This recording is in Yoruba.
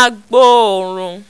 agbòòrùn